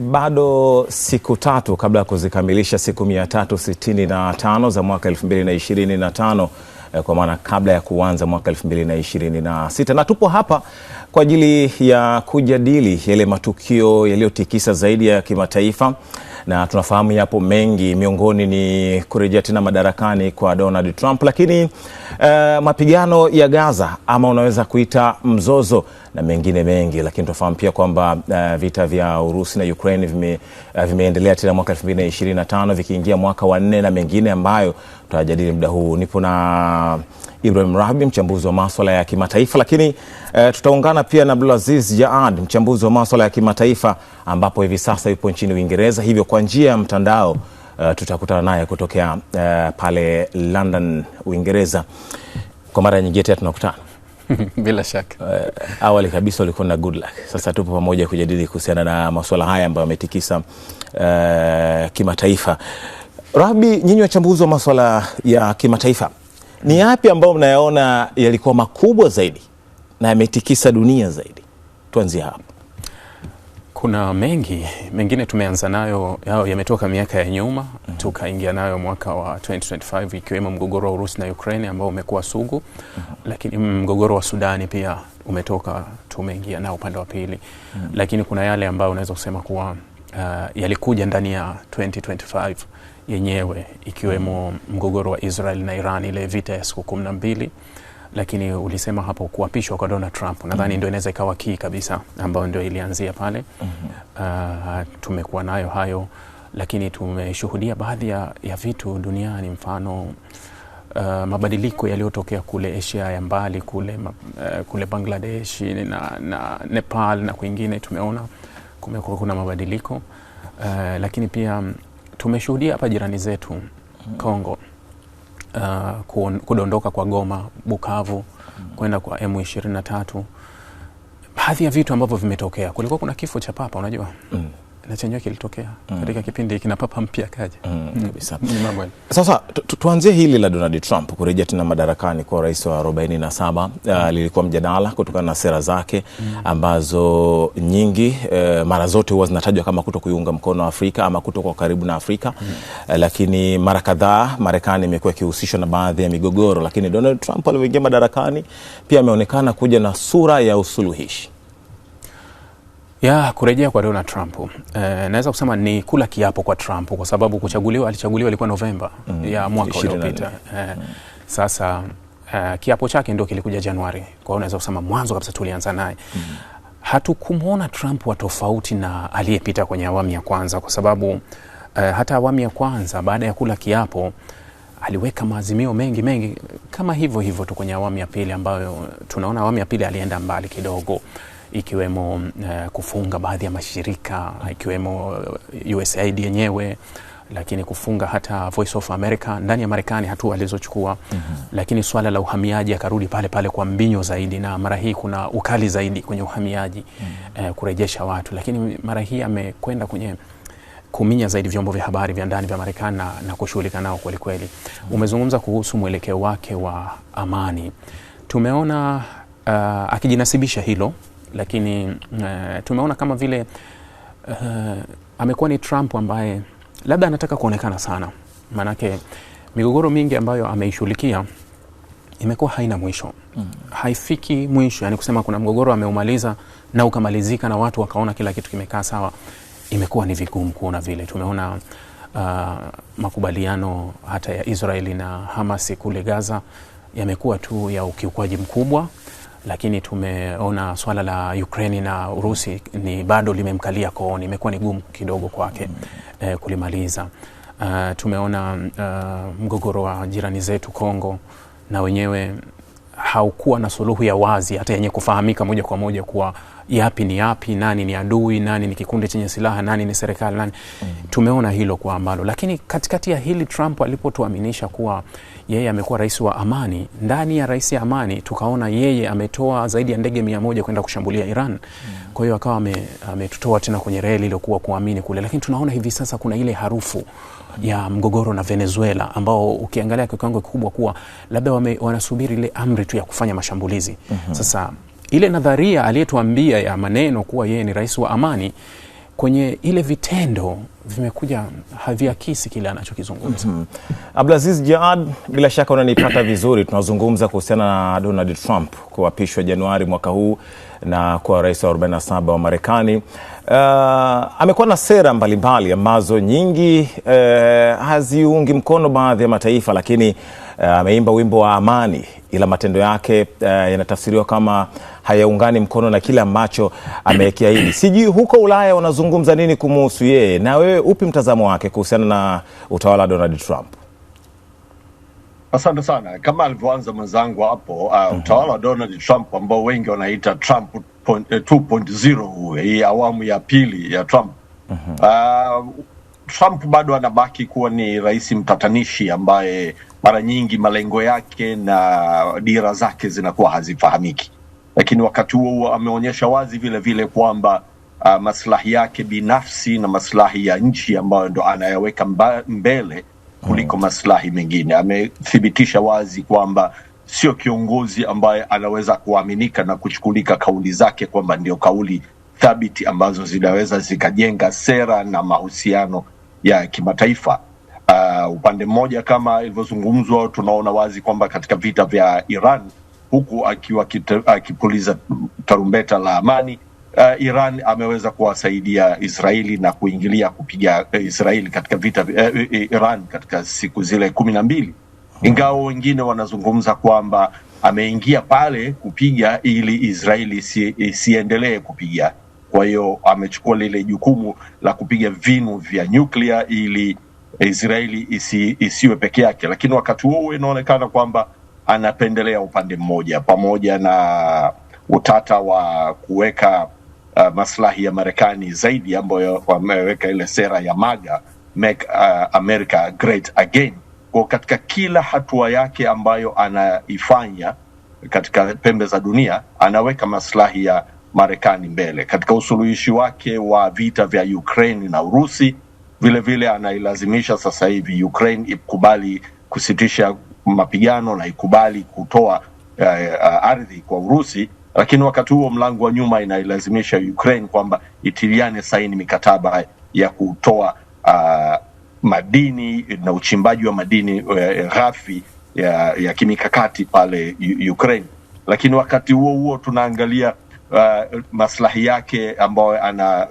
bado siku tatu kabla ya kuzikamilisha siku 365 za mwaka 2025 eh, kwa maana kabla ya kuanza mwaka 2026 na tupo hapa kwa ajili ya kujadili yale matukio yaliyotikisa zaidi ya kimataifa na tunafahamu yapo mengi, miongoni ni kurejea tena madarakani kwa Donald Trump, lakini uh, mapigano ya Gaza ama unaweza kuita mzozo na mengine mengi, lakini tunafahamu pia kwamba uh, vita vya Urusi na Ukraine vime, uh, vimeendelea tena mwaka 2025 vikiingia mwaka wa nne na mengine ambayo tutajadili muda huu. Nipo na Ibrahim Rahbi, mchambuzi wa maswala ya kimataifa, lakini e, tutaungana pia na Abdulaziz Jaad, mchambuzi wa maswala ya kimataifa, ambapo hivi sasa yupo nchini Uingereza, hivyo kwa njia ya mtandao e, tutakutana naye kutokea e, pale London, Uingereza. Kwa mara nyingine tena tunakutana bila shaka uh, awali kabisa ulikuwa na good luck. Sasa tupo pamoja kujadili kuhusiana na masuala haya ambayo yametikisa uh, kimataifa. Rahbi, nyinyi wachambuzi wa masuala ya kimataifa, ni yapi ambayo mnayaona yalikuwa makubwa zaidi na yametikisa dunia zaidi? Tuanzie hapo. Kuna mengi mengine tumeanza nayo, yao yametoka miaka ya nyuma mm -hmm. Tukaingia nayo mwaka wa 2025 ikiwemo mgogoro wa Urusi na Ukraine ambao umekuwa sugu mm -hmm. Lakini mgogoro wa Sudani pia umetoka, tumeingia nao upande wa pili mm -hmm. Lakini kuna yale ambayo unaweza kusema kuwa uh, yalikuja ndani ya 2025 yenyewe ikiwemo mgogoro wa Israel na Iran, ile vita ya siku kumi na mbili lakini ulisema hapo kuapishwa kwa Donald Trump nadhani mm -hmm. ndio inaweza ikawa kii kabisa ambayo ndio ilianzia pale mm -hmm. uh, tumekuwa nayo hayo, lakini tumeshuhudia baadhi ya, ya vitu duniani mfano uh, mabadiliko yaliyotokea kule Asia ya mbali kule, uh, kule Bangladesh na, na Nepal na kwingine tumeona kumekuwa kuna mabadiliko uh, lakini pia tumeshuhudia hapa jirani zetu Kongo uh, kudondoka kwa Goma, Bukavu kwenda kwa M23, baadhi ya vitu ambavyo vimetokea. Kulikuwa kuna kifo cha papa, unajua mm na chenyewe kilitokea mm. katika kipindi hiki na papa mpya kaja mm. mm. Sasa tuanzie hili la Donald Trump kurejea tena madarakani kwa rais wa 47 mm. uh, lilikuwa mjadala kutokana na sera zake mm. ambazo nyingi uh, mara zote huwa zinatajwa kama kuto kuiunga mkono Afrika ama kuto kwa karibu na Afrika mm. uh, lakini mara kadhaa Marekani imekuwa ikihusishwa na baadhi ya migogoro, lakini Donald Trump alipoingia madarakani pia ameonekana kuja na sura ya usuluhishi ya kurejea kwa Donald Trump e, naweza kusema ni kula kiapo kwa Trump kwa sababu kuchaguliwa, alichaguliwa ilikuwa Novemba mm, ya mwaka uliopita e, sasa e, kiapo chake ndio kilikuja Januari. Kwa hiyo naweza kusema mwanzo kabisa tulianza naye mm. Hatukumwona Trump wa tofauti na aliyepita kwenye awamu ya kwanza kwa sababu e, hata awamu ya kwanza baada ya kula kiapo aliweka maazimio mengi mengi kama hivyo hivyo tu kwenye awamu ya pili, ambayo tunaona awamu ya pili alienda mbali kidogo ikiwemo uh, kufunga baadhi ya mashirika ikiwemo eh, USAID yenyewe lakini kufunga hata Voice of America ndani ya Marekani, hatua alizochukua mm -hmm. Lakini swala la uhamiaji akarudi pale pale kwa mbinyo zaidi, na mara hii kuna ukali zaidi kwenye uhamiaji mm -hmm. eh, kurejesha watu, lakini mara hii amekwenda kwenye kuminya zaidi vyombo vya habari vya ndani vya Marekani na, na kushughulika nao kwelikweli mm -hmm. Umezungumza kuhusu mwelekeo wake wa amani, tumeona uh, akijinasibisha hilo lakini uh, tumeona kama vile uh, amekuwa ni Trump ambaye labda anataka kuonekana sana, maanake migogoro mingi ambayo ameishughulikia imekuwa haina mwisho mm. haifiki mwisho, yani kusema kuna mgogoro ameumaliza na ukamalizika na watu wakaona kila kitu kimekaa sawa, imekuwa ni vigumu kuona vile. Tumeona uh, makubaliano hata ya Israeli na Hamasi kule Gaza yamekuwa tu ya ukiukwaji mkubwa lakini tumeona swala la Ukraini na Urusi ni bado limemkalia kooni, imekuwa ni gumu kidogo kwake mm. eh, kulimaliza. Uh, tumeona uh, mgogoro wa jirani zetu Kongo na wenyewe haukuwa na suluhu ya wazi hata yenye kufahamika moja kwa moja kuwa yapi ni yapi, nani ni adui, nani ni kikundi chenye silaha, nani ni serikali, nani mm. Tumeona hilo kwa ambalo, lakini katikati ya hili Trump alipotuaminisha kuwa yeye amekuwa rais wa amani, ndani ya rais ya amani tukaona yeye ametoa zaidi ya ndege mia moja kwenda kushambulia Iran mm. Kwa hiyo akawa ametutoa tena kwenye reli iliyokuwa kuamini kule, lakini tunaona hivi sasa kuna ile harufu ya mgogoro na Venezuela ambao ukiangalia kwa kiwango kikubwa kuwa labda wame, wanasubiri ile amri tu ya kufanya mashambulizi mm -hmm. Sasa ile nadharia aliyetuambia ya maneno kuwa yeye ni rais wa amani kwenye ile vitendo vimekuja haviakisi kile anachokizungumza. mm -hmm. Abdulaziz Jaad, bila shaka unanipata vizuri. Tunazungumza kuhusiana na Donald Trump kuapishwa Januari mwaka huu na kuwa rais wa 47 wa Marekani. Uh, amekuwa na sera mbalimbali ambazo nyingi uh, haziungi mkono baadhi ya mataifa, lakini uh, ameimba uh, wimbo wa amani, ila matendo yake uh, yanatafsiriwa kama hayaungani mkono na kile ambacho hili Sijui huko Ulaya wanazungumza nini kumuhusu yeye, na wewe upi mtazamo wake kuhusiana na utawala wa Donald Trump? Asante sana. Kama alivyoanza mwenzangu hapo, uh, mhm. utawala wa Donald Trump ambao wengi wanaita Trump 2.0 eh, hii awamu ya pili ya Trump mhm. uh, Trump bado anabaki kuwa ni rais mtatanishi ambaye mara nyingi malengo yake na dira zake zinakuwa hazifahamiki lakini wakati huo huo ameonyesha wazi vile vile kwamba uh, maslahi yake binafsi na maslahi ya nchi ambayo ndo anayaweka mbele kuliko hmm. maslahi mengine. Amethibitisha wazi kwamba sio kiongozi ambaye anaweza kuaminika na kuchukulika kauli zake kwamba ndio kauli thabiti ambazo zinaweza zikajenga sera na mahusiano ya kimataifa. Uh, upande mmoja kama ilivyozungumzwa, tunaona wazi kwamba katika vita vya Iran huku akiwa akipuliza tarumbeta la amani. Uh, Iran ameweza kuwasaidia Israeli na kuingilia kupiga eh, Israeli katika vita uh, Iran katika siku zile kumi na mbili, ingawa wengine wanazungumza kwamba ameingia pale kupiga ili Israeli isiendelee si kupiga. Kwa hiyo amechukua lile jukumu la kupiga vinu vya nyuklia ili Israeli isi, isiwe peke yake, lakini wakati huo inaonekana kwamba anapendelea upande mmoja, pamoja na utata wa kuweka uh, maslahi ya Marekani zaidi, ambayo wameweka ile sera ya MAGA, Make uh, America Great Again. Kwa katika kila hatua yake ambayo anaifanya katika pembe za dunia anaweka maslahi ya Marekani mbele. Katika usuluhishi wake wa vita vya Ukraine na Urusi, vilevile anailazimisha sasa hivi Ukraine ikubali kusitisha mapigano na ikubali kutoa uh, uh, ardhi kwa Urusi, lakini wakati huo mlango wa nyuma inailazimisha Ukraine kwamba itiliane saini mikataba ya kutoa uh, madini na uchimbaji wa madini eh, ghafi uh, ya, ya kimikakati pale Ukraine. Lakini wakati huo huo tunaangalia uh, maslahi yake ambayo ana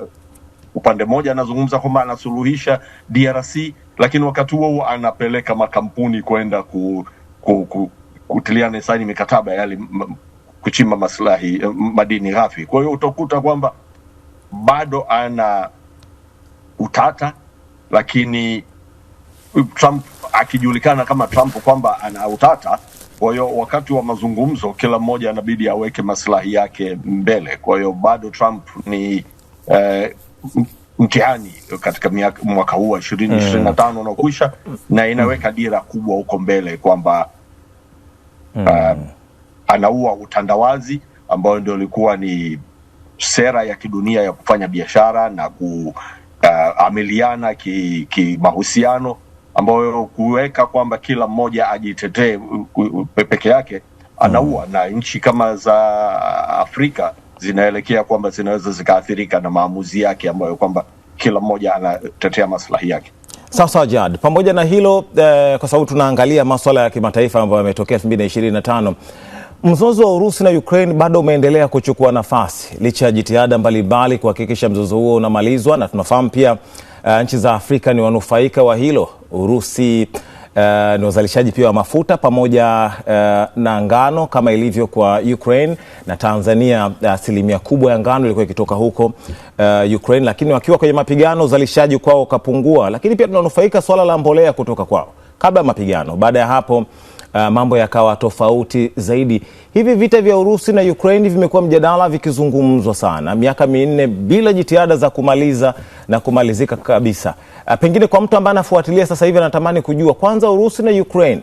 Upande mmoja anazungumza kwamba anasuluhisha DRC, lakini wakati huo huo anapeleka makampuni kwenda ku, ku, ku, kutiliana saini mikataba yali kuchimba maslahi eh, madini ghafi. Kwa hiyo utakuta kwamba bado ana utata, lakini Trump akijulikana kama Trump kwamba ana utata. Kwa hiyo wakati wa mazungumzo kila mmoja anabidi aweke maslahi yake mbele. Kwa hiyo bado Trump ni eh, mtihani katika miaka, mwaka huu wa ishirini eh. ishirini na tano unaokwisha na inaweka dira kubwa huko mbele kwamba uh, anaua utandawazi ambayo ndio ilikuwa ni sera ya kidunia ya kufanya biashara na kuamiliana ah, uh, kimahusiano ki ambayo kuweka kwamba kila mmoja ajitetee peke yake anaua, hmm. na nchi kama za Afrika zinaelekea kwamba zinaweza zikaathirika na maamuzi yake ambayo kwamba kila mmoja anatetea maslahi yake. sawa Jad, pamoja na hilo eh, kwa sababu tunaangalia maswala ya kimataifa ambayo yametokea 2025 mzozo wa Urusi na Ukraine bado umeendelea kuchukua nafasi licha ya jitihada mbalimbali kuhakikisha mzozo huo unamalizwa, na tunafahamu pia uh, nchi za Afrika ni wanufaika wa hilo. Urusi uh, eh, uzalishaji pia wa mafuta pamoja uh, na ngano kama ilivyo kwa Ukraine na Tanzania. Eh, asilimia uh, kubwa ya ngano ilikuwa ikitoka huko uh, Ukraine, lakini wakiwa kwenye mapigano uzalishaji kwao ukapungua, lakini pia tunanufaika swala la mbolea kutoka kwao kabla ya mapigano. Baada ya hapo uh, mambo yakawa tofauti zaidi. Hivi vita vya Urusi na Ukraine vimekuwa mjadala vikizungumzwa sana, miaka minne bila jitihada za kumaliza na kumalizika kabisa. Ah, pengine kwa mtu ambaye anafuatilia sasa hivi anatamani kujua, kwanza Urusi na Ukraine,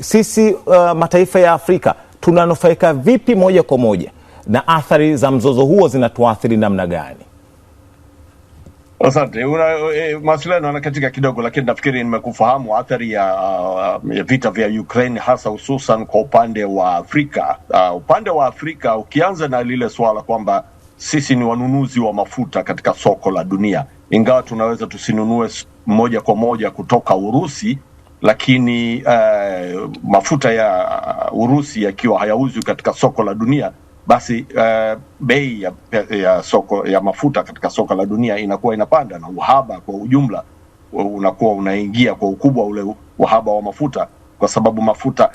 sisi uh, mataifa ya Afrika tunanufaika vipi moja kwa moja, na athari za mzozo huo zinatuathiri namna gani? Asante, eh, mawasiliano anakatika kidogo, lakini nafikiri nimekufahamu athari ya, ya vita vya Ukraine hasa hususan kwa upande wa Afrika. Uh, upande wa Afrika ukianza na lile suala kwamba sisi ni wanunuzi wa mafuta katika soko la dunia, ingawa tunaweza tusinunue moja kwa moja kutoka Urusi, lakini uh, mafuta ya Urusi yakiwa hayauzwi katika soko la dunia basi uh, bei ya, ya soko ya mafuta katika soko la dunia inakuwa inapanda na uhaba kwa ujumla unakuwa unaingia kwa ukubwa ule uhaba wa mafuta, kwa sababu mafuta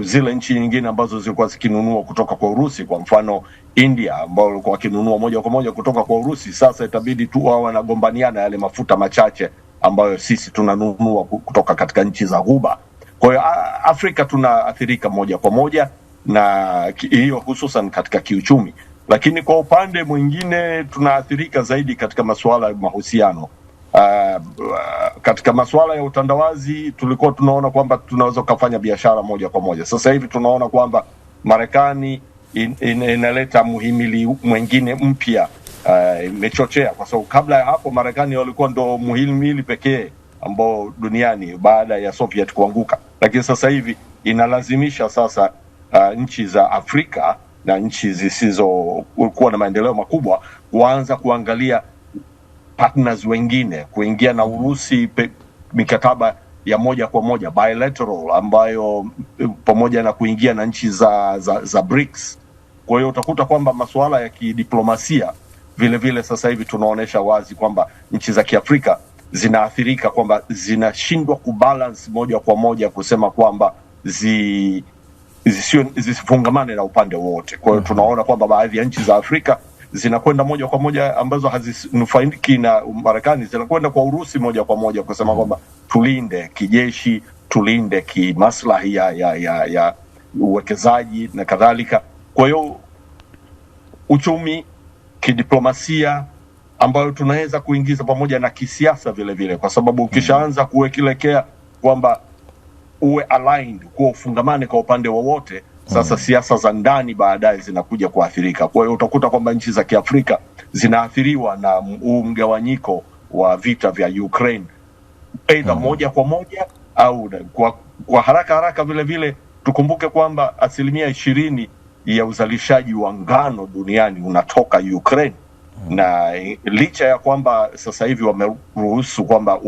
zile nchi nyingine ambazo zilikuwa zikinunua kutoka kwa Urusi, kwa mfano India, ambao walikuwa wakinunua moja kwa moja kutoka kwa Urusi, sasa itabidi tu wao wanagombaniana yale mafuta machache ambayo sisi tunanunua kutoka katika nchi za Ghuba. Kwa hiyo Afrika tunaathirika moja kwa moja na hiyo hususan katika kiuchumi, lakini kwa upande mwingine tunaathirika zaidi katika masuala ya mahusiano. Uh, katika masuala ya utandawazi tulikuwa tunaona kwamba tunaweza kufanya biashara moja kwa moja. Sasa hivi tunaona kwamba Marekani in, in, inaleta muhimili mwingine mpya uh, imechochea kwa sababu kabla ya hapo Marekani walikuwa ndo muhimili pekee ambao duniani baada ya Soviet kuanguka, lakini sasa hivi inalazimisha sasa uh, nchi za Afrika na nchi zisizokuwa na maendeleo makubwa kuanza kuangalia partners wengine kuingia na Urusi pe, mikataba ya moja kwa moja bilateral ambayo eh, pamoja na kuingia na nchi za, za, za BRICS. Kwa hiyo utakuta kwamba masuala ya kidiplomasia vile vile sasa hivi tunaonyesha wazi kwamba nchi za Kiafrika zinaathirika kwamba zinashindwa kubalance moja kwa moja kusema kwamba zi zisiwe zisifungamane na upande wote. Kwa hiyo mm-hmm. tunaona kwamba baadhi ya nchi za Afrika zinakwenda moja kwa moja ambazo hazinufaiki na Marekani zinakwenda kwa Urusi moja kwa moja kusema mm-hmm. kwamba tulinde kijeshi, tulinde kimaslahi ya, ya, ya, ya uwekezaji na kadhalika. Kwa hiyo uchumi, kidiplomasia ambayo tunaweza kuingiza pamoja na kisiasa vile vile, kwa sababu ukishaanza mm-hmm. kuwekelekea kwamba uwe aligned, kuwa ufungamane kwa upande wowote. Sasa mm. siasa za ndani baadaye zinakuja kuathirika. Kwa hiyo utakuta kwamba nchi za Kiafrika zinaathiriwa na huu mgawanyiko wa vita vya Ukraine, aidha mm. moja kwa moja au kwa, kwa haraka haraka. Vile vile tukumbuke kwamba asilimia ishirini ya uzalishaji wa ngano duniani unatoka Ukraine mm. na eh, licha ya kwamba sasa hivi wameruhusu kwamba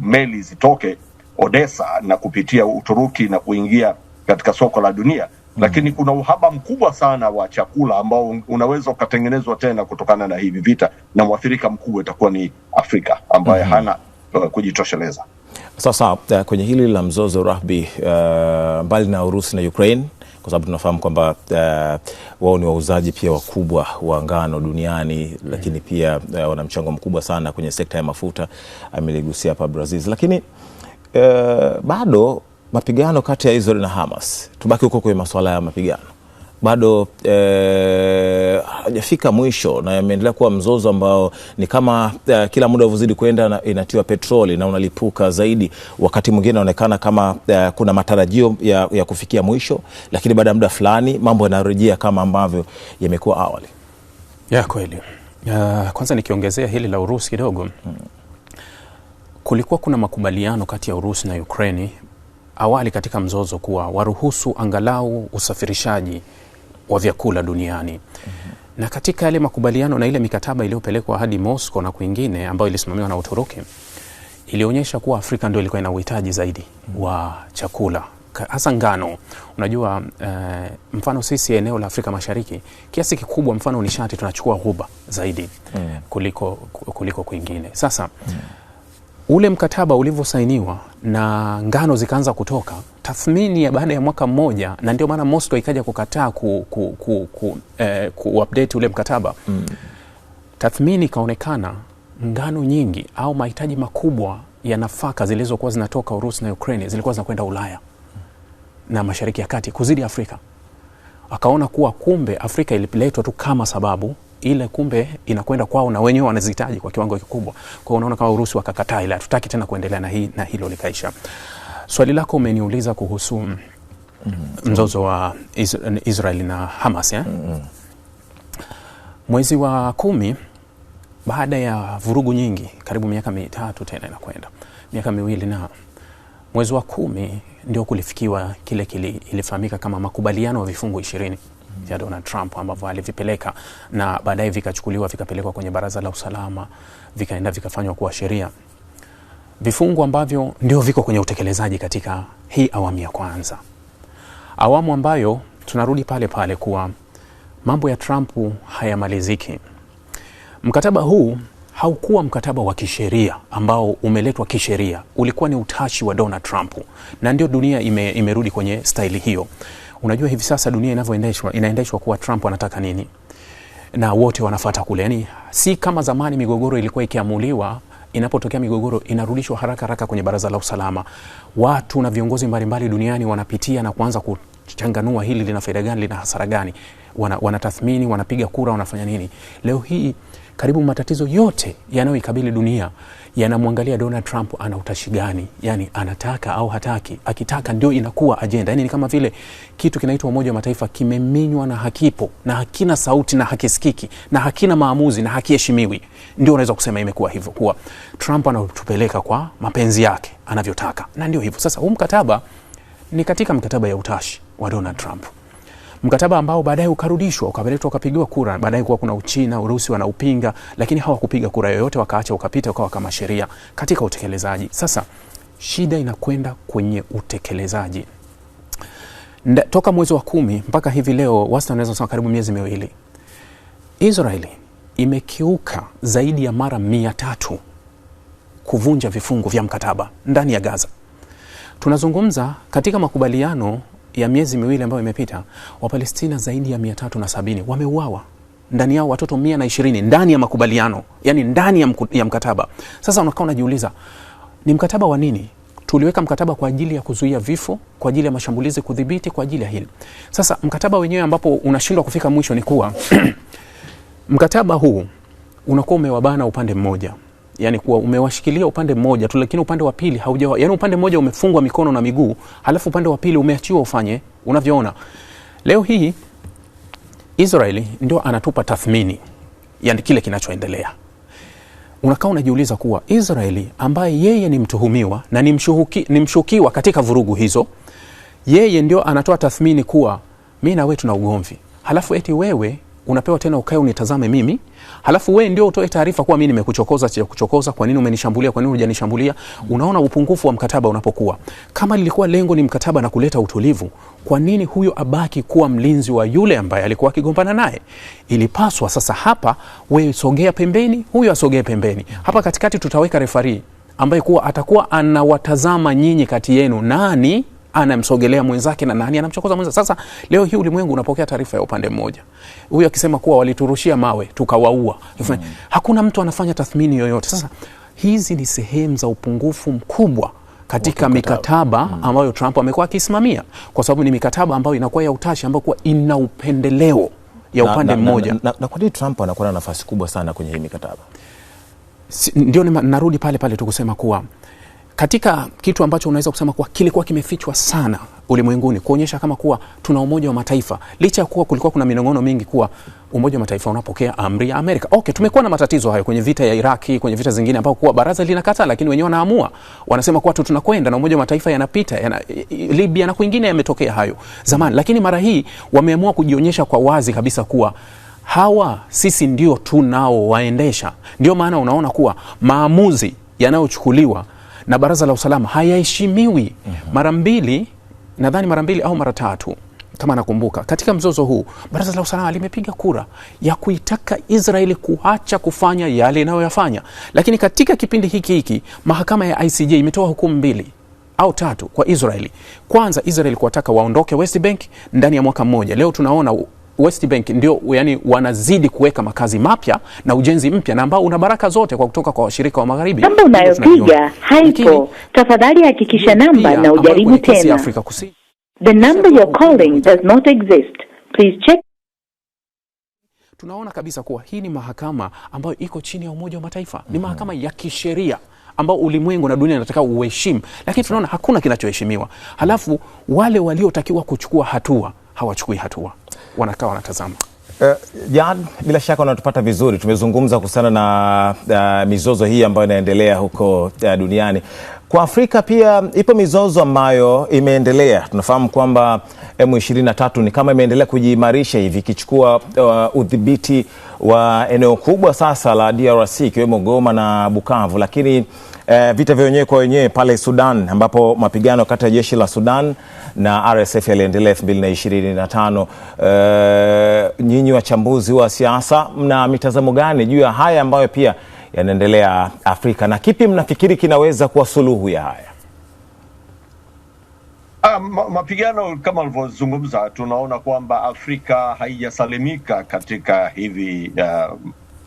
meli zitoke Odessa na kupitia Uturuki na kuingia katika soko la dunia mm. Lakini kuna uhaba mkubwa sana wa chakula ambao unaweza ukatengenezwa tena kutokana na hivi vita, na mwathirika mkubwa itakuwa ni Afrika ambaye mm. hana uh, kujitosheleza. Sasa uh, kwenye hili la mzozo Rahbi, uh, mbali na Urusi na Ukraine kwa sababu tunafahamu kwamba uh, wao ni wauzaji pia wakubwa wa ngano duniani, lakini hmm. pia uh, wana mchango mkubwa sana kwenye sekta ya mafuta, ameligusia hapa Brazil, lakini Eh, bado mapigano kati ya Israel na Hamas, tubaki huko kwenye masuala ya mapigano bado eh, hajafika mwisho na yameendelea kuwa mzozo ambao ni kama e, kila muda unavyozidi kwenda inatiwa petroli na unalipuka zaidi. Wakati mwingine inaonekana kama e, kuna matarajio ya, ya kufikia mwisho, lakini baada ya muda fulani mambo yanarejea kama ambavyo yamekuwa awali. Ya kweli. kwanza nikiongezea hili la Urusi kidogo hmm. Kulikuwa kuna makubaliano kati ya Urusi na Ukraini awali katika mzozo kuwa waruhusu angalau usafirishaji wa vyakula duniani. mm -hmm. Na katika yale makubaliano na ile mikataba iliyopelekwa hadi Moscow na kwingine ambayo ilisimamiwa na Uturuki ilionyesha kuwa Afrika ndio ilikuwa ina uhitaji zaidi mm -hmm. wa chakula hasa ngano. Unajua uh, mfano sisi eneo la Afrika Mashariki kiasi kikubwa, mfano nishati tunachukua ghuba zaidi mm. kuliko, kuliko kwingine sasa mm ule mkataba ulivyosainiwa na ngano zikaanza kutoka tathmini ya baada ya mwaka mmoja, na ndio maana Moscow ikaja kukataa ku, ku, ku, ku, eh, update ule mkataba mm. Tathmini ikaonekana ngano nyingi au mahitaji makubwa ya nafaka zilizokuwa zinatoka Urusi na Ukraine zilikuwa zinakwenda Ulaya na Mashariki ya Kati kuzidi Afrika. Akaona kuwa kumbe Afrika ililetwa tu kama sababu ile kumbe inakwenda kwao na wenyewe wanazihitaji kwa kiwango kikubwa. Kwa hiyo unaona kama Urusi wakakataa, ila hatutaki tena kuendelea na, hii, na hilo likaisha. Swali lako umeniuliza kuhusu mm -hmm. mzozo wa Israel na Hamas ya? Eh? Mm -hmm. Mwezi wa kumi baada ya vurugu nyingi karibu miaka mitatu tena inakwenda miaka miwili na mwezi wa kumi ndio kulifikiwa kile ilifahamika kama makubaliano ya vifungu ishirini vya Donald Trump ambavyo alivipeleka na baadaye vikachukuliwa vikapelekwa kwenye Baraza la Usalama vikaenda vikafanywa kuwa sheria, vifungu ambavyo ndio viko kwenye utekelezaji katika hii awamu ya kwanza, awamu ambayo tunarudi pale pale kuwa mambo ya Trump hayamaliziki. Mkataba huu haukuwa mkataba wa kisheria ambao umeletwa kisheria, ulikuwa ni utashi wa Donald Trump, na ndio dunia ime, imerudi kwenye staili hiyo. Unajua hivi sasa dunia inavyoendeshwa inaendeshwa kuwa Trump anataka nini na wote wanafata kule, yani si kama zamani migogoro ilikuwa ikiamuliwa inapotokea migogoro inarudishwa haraka haraka kwenye Baraza la Usalama. Watu na viongozi mbalimbali duniani wanapitia na kuanza kuchanganua hili lina faida gani, lina hasara gani, wanatathmini, wana wanapiga kura, wanafanya nini. Leo hii karibu matatizo yote yanayoikabili dunia yanamwangalia Donald Trump ana utashi gani, yani anataka au hataki. Akitaka ndio inakuwa ajenda. Yani ni kama vile kitu kinaitwa Umoja wa Mataifa kimeminywa na hakipo na hakina sauti na hakisikiki na hakina maamuzi na hakiheshimiwi. Ndio unaweza kusema imekuwa hivyo, kuwa Trump anatupeleka kwa mapenzi yake anavyotaka, na ndio hivyo sasa. Huu mkataba ni katika mkataba ya utashi wa Donald Trump mkataba ambao baadaye ukarudishwa ukapeletwa ukapigiwa kura, baadaye kuwa kuna Uchina, Urusi wanaupinga, lakini hawakupiga kura yoyote, wakaacha ukapita, ukawa kama sheria katika utekelezaji. Sasa shida inakwenda kwenye utekelezaji. Nda, toka mwezi wa kumi mpaka hivi leo wastani unaweza kusema karibu miezi miwili, Israeli imekiuka zaidi ya mara mia tatu kuvunja vifungu vya mkataba ndani ya Gaza. Tunazungumza katika makubaliano ya miezi miwili ambayo imepita, Wapalestina zaidi ya mia tatu na sabini wameuawa ndani yao watoto mia na ishirini ndani ya makubaliano yani ndani ya, mku, ya mkataba. Sasa unakaa unajiuliza ni mkataba wa nini? Tuliweka mkataba kwa ajili ya kuzuia vifo, kwa ajili ya mashambulizi kudhibiti, kwa ajili ya hili. Sasa mkataba wenyewe ambapo unashindwa kufika mwisho ni kuwa mkataba huu unakuwa umewabana upande mmoja yani kuwa umewashikilia upande mmoja tu, lakini upande wa pili hauja, yani upande mmoja umefungwa mikono na miguu, halafu upande wa pili umeachiwa ufanye unavyoona. Leo hii Israeli ndio anatupa tathmini yani kile kinachoendelea. Unakaa unajiuliza kuwa Israeli ambaye yeye ni mtuhumiwa na ni, mshuhuki, ni mshukiwa katika vurugu hizo, yeye ndio anatoa tathmini kuwa mi na wewe tuna ugomvi, halafu eti wewe unapewa tena ukae unitazame mimi halafu we ndio utoe taarifa kuwa mimi nimekuchokoza, cha kuchokoza, kwa nini umenishambulia, kwa nini hujanishambulia? Unaona upungufu wa mkataba unapokuwa. Kama lilikuwa lengo ni mkataba na kuleta utulivu, kwa nini huyo abaki kuwa mlinzi wa yule ambaye alikuwa akigombana naye? Ilipaswa sasa hapa we sogea pembeni, huyo asogee pembeni. Hapa katikati tutaweka refari ambaye kuwa atakuwa anawatazama nyinyi kati yenu nani anamsogelea mwenzake na nani anamchokoza mwenzake. Sasa leo hii ulimwengu unapokea taarifa ya upande mmoja, huyu akisema kuwa waliturushia mawe tukawaua. mm. Hakuna mtu anafanya tathmini yoyote. Sasa hizi ni sehemu za upungufu mkubwa katika mikataba mm. ambayo Trump amekuwa akisimamia kwa sababu ni mikataba ambayo inakuwa ya utashi, ambayo kuwa ina upendeleo ya upande na, na, mmoja. Na, na, na kwa nini Trump anakuwa na nafasi kubwa sana kwenye hii mikataba? Si, ndio narudi pale pale tukusema kuwa katika kitu ambacho unaweza kusema kuwa kilikuwa kimefichwa sana ulimwenguni kuonyesha kama kuwa tuna Umoja wa Mataifa, licha ya kuwa kulikuwa kuna minong'ono mingi kuwa Umoja wa Mataifa unapokea amri ya Amerika. Okay, tumekuwa na matatizo hayo kwenye vita ya Iraki, kwenye vita zingine ambapo kuwa baraza linakataa, lakini wenyewe wanaamua, wanasema kuwa tu tunakwenda na Umoja wa Mataifa yanapita yana, Libya na kwingine yametokea hayo zamani, lakini mara hii wameamua kujionyesha kwa wazi kabisa kuwa hawa sisi ndio tunaowaendesha. Ndio maana unaona kuwa maamuzi yanayochukuliwa na Baraza la Usalama hayaheshimiwi mhm. mara mbili, nadhani mara mbili au mara tatu kama nakumbuka, katika mzozo huu baraza la usalama limepiga kura ya kuitaka Israeli kuacha kufanya yale inayoyafanya, lakini katika kipindi hiki hiki mahakama ya ICJ imetoa hukumu mbili au tatu kwa Israeli. Kwanza Israeli kuwataka waondoke West Bank ndani ya mwaka mmoja. Leo tunaona West Bank ndio yani wanazidi kuweka makazi mapya na ujenzi mpya na ambao una baraka zote kwa kutoka kwa washirika wa magharibi. Namba unayopiga haiko. tafadhali hakikisha namba na ujaribu tena. Afrika Kusini. The number you're calling does not exist. Please check. Tunaona kabisa kuwa hii ni mahakama ambayo iko chini ya Umoja wa Mataifa. Ni mm-hmm. mahakama ya kisheria ambao ulimwengu na dunia inataka uheshimu, lakini tunaona hakuna kinachoheshimiwa. Halafu wale waliotakiwa kuchukua hatua hawachukui hatua wanakaa wanatazama? Uh, Jan, bila shaka wanatupata vizuri. Tumezungumza kuhusiana na uh, mizozo hii ambayo inaendelea huko uh, duniani. Kwa Afrika pia ipo mizozo ambayo imeendelea. Tunafahamu kwamba M23 ni kama imeendelea kujiimarisha hivi ikichukua uh, udhibiti wa eneo kubwa sasa la DRC ikiwemo Goma na Bukavu, lakini Eh, vita vya wenyewe kwa wenyewe pale Sudan ambapo mapigano kati ya jeshi la Sudan na RSF yaliendelea tano. Eh, nyinyi wachambuzi wa, siasa mna mitazamo gani juu ya haya ambayo pia yanaendelea Afrika na kipi mnafikiri kinaweza kuwa suluhu ya haya? Ah, mapigano kama alivyozungumza, tunaona kwamba Afrika haijasalimika katika hivi uh,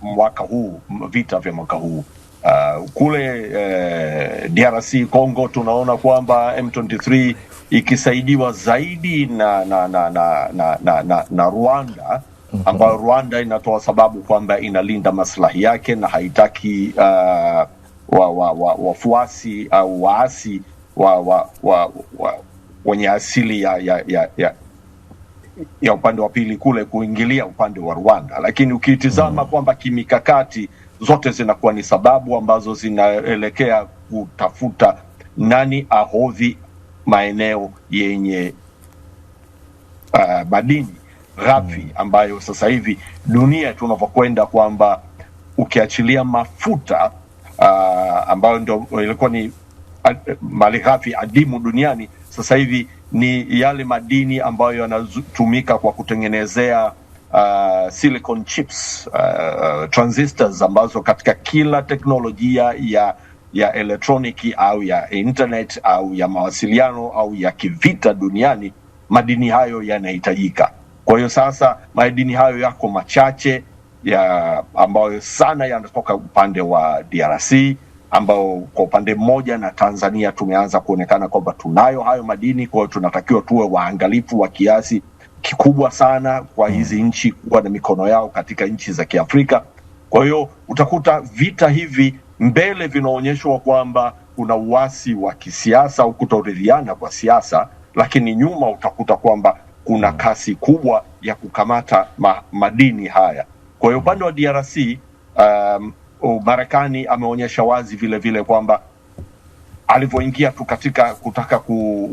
mwaka huu vita vya mwaka huu Uh, kule uh, eh, DRC Congo tunaona kwamba M23 ikisaidiwa zaidi na, na, na, na, na, na, na, na Rwanda mhm. ambayo Rwanda inatoa sababu kwamba inalinda maslahi yake na haitaki uh, wafuasi wa, wa, wa au waasi wa, wa, wa, wa, wenye asili ya, ya, ya, ya, ya upande wa pili kule kuingilia upande wa Rwanda, lakini ukitizama mm. kwamba kimikakati zote zinakuwa ni sababu ambazo zinaelekea kutafuta nani ahodhi maeneo yenye uh, madini ghafi hmm. ambayo sasa hivi dunia tunavyokwenda kwamba ukiachilia mafuta uh, ambayo ndio ilikuwa ni uh, mali ghafi adimu duniani, sasa hivi ni yale madini ambayo yanatumika kwa kutengenezea uh, silicon chips uh, uh, transistors ambazo katika kila teknolojia ya ya elektroniki au ya internet au ya mawasiliano au ya kivita duniani madini hayo yanahitajika. Kwa hiyo sasa madini hayo yako machache ya ambayo sana yanatoka upande wa DRC ambao kwa upande mmoja na Tanzania tumeanza kuonekana kwamba tunayo hayo madini. Kwa hiyo tunatakiwa tuwe waangalifu wa kiasi kikubwa sana kwa mm. hizi nchi kuwa na mikono yao katika nchi za Kiafrika. Kwa hiyo utakuta vita hivi mbele vinaonyeshwa kwamba kuna uasi wa kisiasa au kutoridhiana kwa siasa, lakini nyuma utakuta kwamba kuna mm. kasi kubwa ya kukamata ma, madini haya. Kwa hiyo upande wa DRC um, Marekani ameonyesha wazi vile vile kwamba alivyoingia tu katika kutaka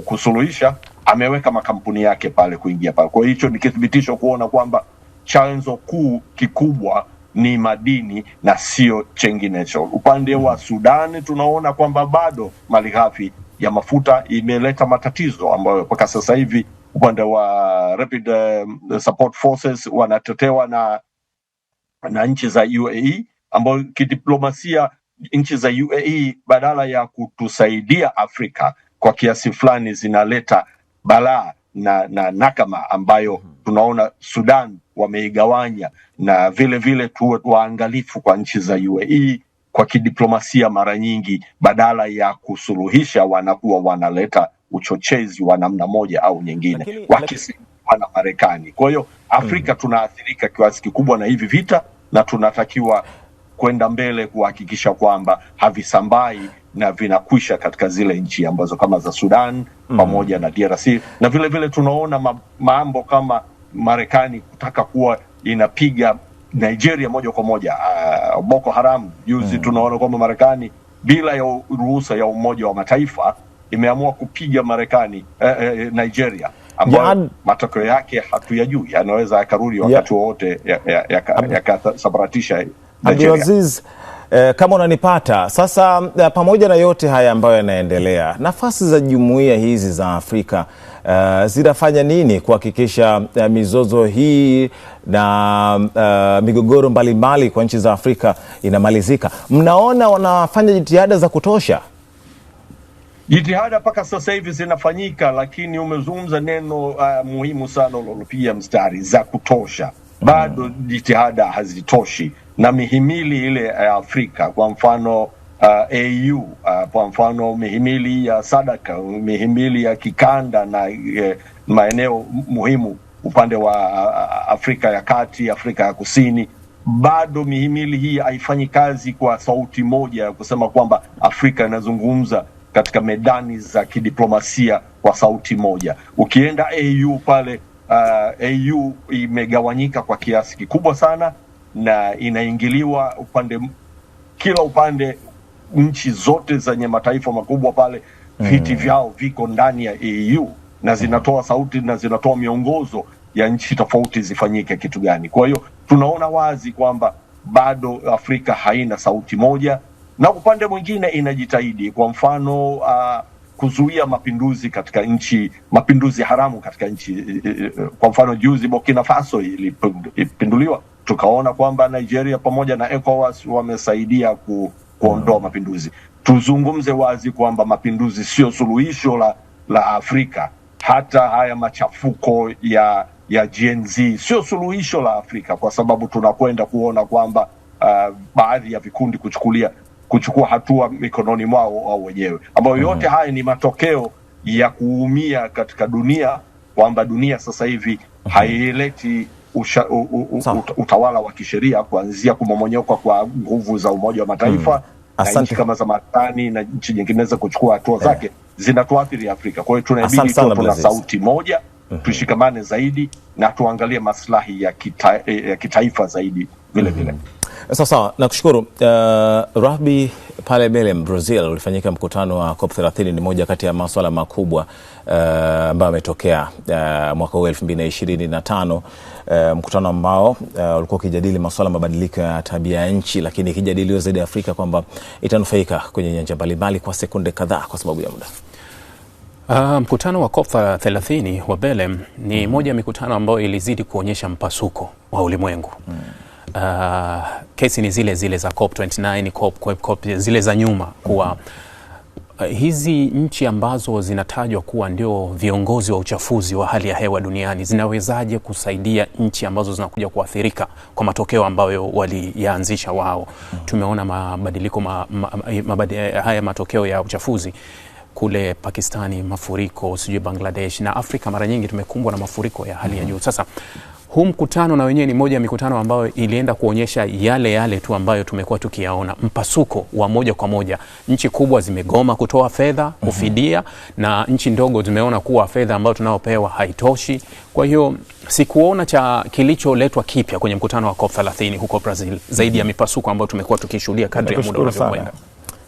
kusuluhisha ameweka makampuni yake pale kuingia pale. Kwa hicho ni kithibitisho kuona kwamba chanzo kuu kikubwa ni madini na sio chenginecho. Upande wa mm. Sudan tunaona kwamba bado malighafi ya mafuta imeleta matatizo ambayo mpaka sasa hivi upande wa Rapid eh, Support Forces wanatetewa na na nchi za UAE ambayo kidiplomasia nchi za UAE badala ya kutusaidia Afrika kwa kiasi fulani zinaleta balaa na, na nakama ambayo hmm. tunaona Sudan wameigawanya, na vile vile tuwe waangalifu kwa nchi za UAE kwa kidiplomasia, mara nyingi badala ya kusuluhisha wanakuwa wanaleta uchochezi wa namna moja au nyingine wakisaidiwa na Marekani. Kwa hiyo Afrika hmm. tunaathirika kiasi kikubwa na hivi vita na tunatakiwa kwenda mbele kuhakikisha kwamba havisambai na vinakwisha katika zile nchi ambazo kama za Sudan mm. pamoja na DRC na vile vile tunaona ma mambo kama Marekani kutaka kuwa inapiga Nigeria moja kwa moja uh, Boko Haram juzi mm. tunaona kwamba Marekani bila ya ruhusa ya Umoja wa Mataifa imeamua kupiga Marekani eh, eh, eh Nigeria ambayo yaani- matokeo yake hatuyajui, yanaweza yakarudi wakati wowote yakasabaratisha ya, ya, ya, ya, ya, ya, ya, ya, Abdulaziz, eh, kama unanipata sasa, eh, pamoja na yote haya ambayo yanaendelea, nafasi za jumuiya hizi za Afrika Uh, zinafanya nini kuhakikisha uh, mizozo hii na uh, migogoro mbalimbali kwa nchi za Afrika inamalizika? Mnaona wanafanya jitihada za kutosha? Jitihada mpaka sasa hivi zinafanyika, lakini umezungumza neno uh, muhimu sana ulolopia mstari za kutosha bado mm. jitihada hazitoshi na mihimili ile ya Afrika kwa mfano Uh, AU uh, kwa mfano mihimili ya sadaka mihimili ya kikanda na eh, maeneo muhimu upande wa uh, Afrika ya Kati, Afrika ya Kusini, bado mihimili hii haifanyi kazi kwa sauti moja ya kusema kwamba Afrika inazungumza katika medani za kidiplomasia kwa sauti moja. Ukienda AU pale uh, AU imegawanyika kwa kiasi kikubwa sana na inaingiliwa upande kila upande. Nchi zote zenye mataifa makubwa pale hmm. viti mm. vyao viko ndani ya AU na hmm. zinatoa sauti na zinatoa miongozo ya nchi tofauti zifanyike kitu gani. Kwa hiyo tunaona wazi kwamba bado Afrika haina sauti moja, na upande mwingine inajitahidi. Kwa mfano uh, kuzuia mapinduzi katika nchi, mapinduzi haramu katika nchi. E, e, e, kwa mfano juzi Burkina Faso ilipinduliwa, tukaona kwamba Nigeria pamoja na ECOWAS wamesaidia ku, kuondoa mm. mapinduzi. Tuzungumze wazi kwamba mapinduzi sio suluhisho la, la Afrika. Hata haya machafuko ya ya Gen Z sio suluhisho la Afrika, kwa sababu tunakwenda kuona kwamba uh, baadhi ya vikundi kuchukulia kuchukua hatua mikononi mwao au wenyewe, ambayo mm. yote mm -hmm. haya ni matokeo ya kuumia katika dunia kwamba dunia sasa hivi mm -hmm. haileti Usha, u, u, utawala wa kisheria kuanzia kumomonyoka kwa nguvu za Umoja wa Mataifa hmm. Asante. Na nchi kama za Marekani na nchi nyingine za kuchukua hatua yeah. zake zinatuathiri Afrika. Kwa hiyo tunabidi tu tuna sauti moja mm -hmm. Tushikamane zaidi na tuangalie maslahi ya, kita, ya kitaifa zaidi vile mm -hmm. vile Sawa sawa, nakushukuru. Uh, rugby pale Belem Brazil ulifanyika mkutano wa COP 30. Ni moja kati ya maswala makubwa uh, ambayo uh, uh, mwaka huu 2025 uh, mkutano ambao uh, ulikuwa ukijadili maswala mabadiliko ya tabia ya nchi, lakini ikijadiliwa zaidi ya Afrika kwamba itanufaika kwenye nyanja mbalimbali. Kwa sekunde kadhaa, kwa sababu ya muda Uh, mkutano wa COP 30 wa Belem ni mm. moja ya mikutano ambayo ilizidi kuonyesha mpasuko wa ulimwengu mm uh, kesi ni zile zile za COP29, COP, COP, COP, zile za nyuma kuwa uh, hizi nchi ambazo zinatajwa kuwa ndio viongozi wa uchafuzi wa hali ya hewa duniani zinawezaje kusaidia nchi ambazo zinakuja kuathirika kwa matokeo ambayo waliyaanzisha wao? Tumeona mabadiliko ma, ma, mabadi, eh, haya matokeo ya uchafuzi kule Pakistani, mafuriko sijui Bangladesh na Afrika mara nyingi tumekumbwa na mafuriko ya hali ya juu. Sasa huu mkutano na wenyewe ni moja ya mikutano ambayo ilienda kuonyesha yale yale tu ambayo tumekuwa tukiyaona, mpasuko wa moja kwa moja. Nchi kubwa zimegoma kutoa fedha mhm. kufidia, na nchi ndogo zimeona kuwa fedha ambayo tunayopewa haitoshi. Kwa hiyo sikuona cha kilicholetwa kipya kwenye mkutano wa COP 30 huko Brazil zaidi ya mipasuko ambayo tumekuwa tukishuhudia kadri ya muda unavyokwenda.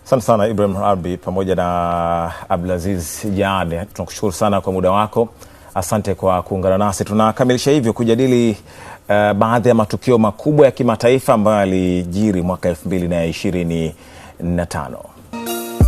Asante sana Ibrahim Harbi pamoja na Abdulaziz Jaad, tunakushukuru sana kwa muda wako. Asante kwa kuungana nasi. Tunakamilisha hivyo kujadili uh, baadhi ya matukio makubwa ya kimataifa ambayo yalijiri mwaka elfu mbili na ishirini na tano.